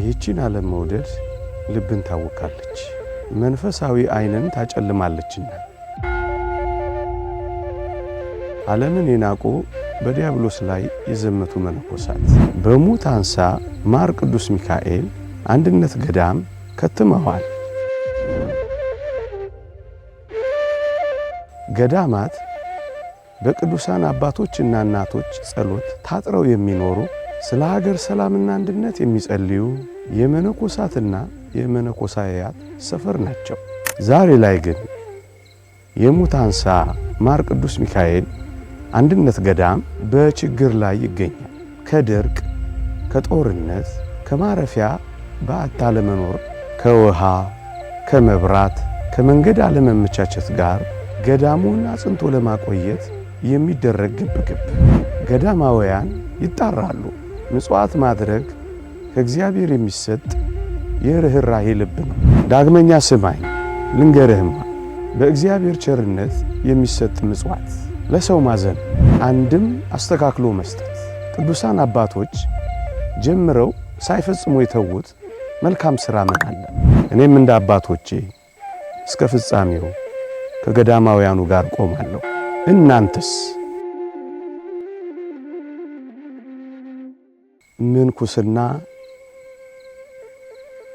ይህችን ዓለም መውደድ ልብን ታወካለች፣ መንፈሳዊ ዓይንን ታጨልማለችና። ዓለምን የናቁ በዲያብሎስ ላይ የዘመቱ መነኮሳት በሙት አንሳ ማር ቅዱስ ሚካኤል አንድነት ገዳም ከትመዋል። ገዳማት በቅዱሳን አባቶችና እናቶች ጸሎት ታጥረው የሚኖሩ ስለ ሀገር ሰላምና አንድነት የሚጸልዩ የመነኮሳትና የመነኮሳያት ሰፈር ናቸው። ዛሬ ላይ ግን የሙታንሳ ማር ቅዱስ ሚካኤል አንድነት ገዳም በችግር ላይ ይገኛል። ከድርቅ፣ ከጦርነት፣ ከማረፊያ በአታ ለመኖር፣ ከውሃ፣ ከመብራት፣ ከመንገድ አለመመቻቸት ጋር ገዳሙን አጽንቶ ለማቆየት የሚደረግ ግብግብ ገዳማውያን ይጣራሉ። ምጽዋት ማድረግ ከእግዚአብሔር የሚሰጥ የርኅራኄ ልብ ነው። ዳግመኛ ስማኝ ልንገርህማ፣ በእግዚአብሔር ቸርነት የሚሰጥ ምጽዋት ለሰው ማዘን፣ አንድም አስተካክሎ መስጠት። ቅዱሳን አባቶች ጀምረው ሳይፈጽሙ የተዉት መልካም ሥራ ምን አለ? እኔም እንደ አባቶቼ እስከ ፍጻሜው ከገዳማውያኑ ጋር ቆማለሁ። እናንተስ? ምንኩስና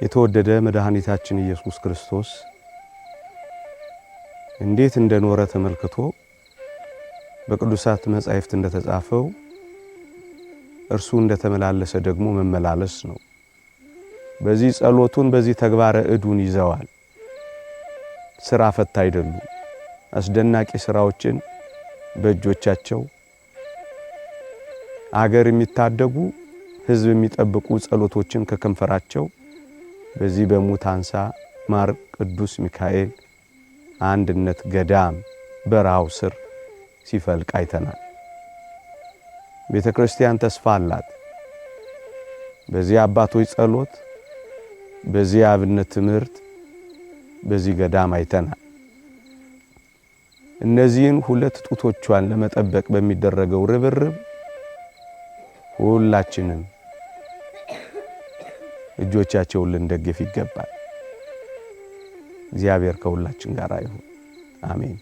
የተወደደ መድኃኒታችን ኢየሱስ ክርስቶስ እንዴት እንደኖረ ተመልክቶ በቅዱሳት መጻሕፍት እንደተጻፈው እርሱ እንደተመላለሰ ደግሞ መመላለስ ነው። በዚህ ጸሎቱን በዚህ ተግባረ እዱን ይዘዋል። ስራ ፈታ አይደሉም። አስደናቂ ስራዎችን በእጆቻቸው አገር የሚታደጉ ህዝብ የሚጠብቁ ጸሎቶችን ከከንፈራቸው በዚህ በሙት አንሳ ማር ቅዱስ ሚካኤል አንድነት ገዳም በረሃው ስር ሲፈልቅ አይተናል። ቤተ ክርስቲያን ተስፋ አላት። በዚህ አባቶች ጸሎት፣ በዚህ አብነት ትምህርት፣ በዚህ ገዳም አይተናል። እነዚህን ሁለት ጡቶቿን ለመጠበቅ በሚደረገው ርብርብ ሁላችንም እጆቻቸውን ልንደግፍ ይገባል። እግዚአብሔር ከሁላችን ጋር ይሁን። አሜን።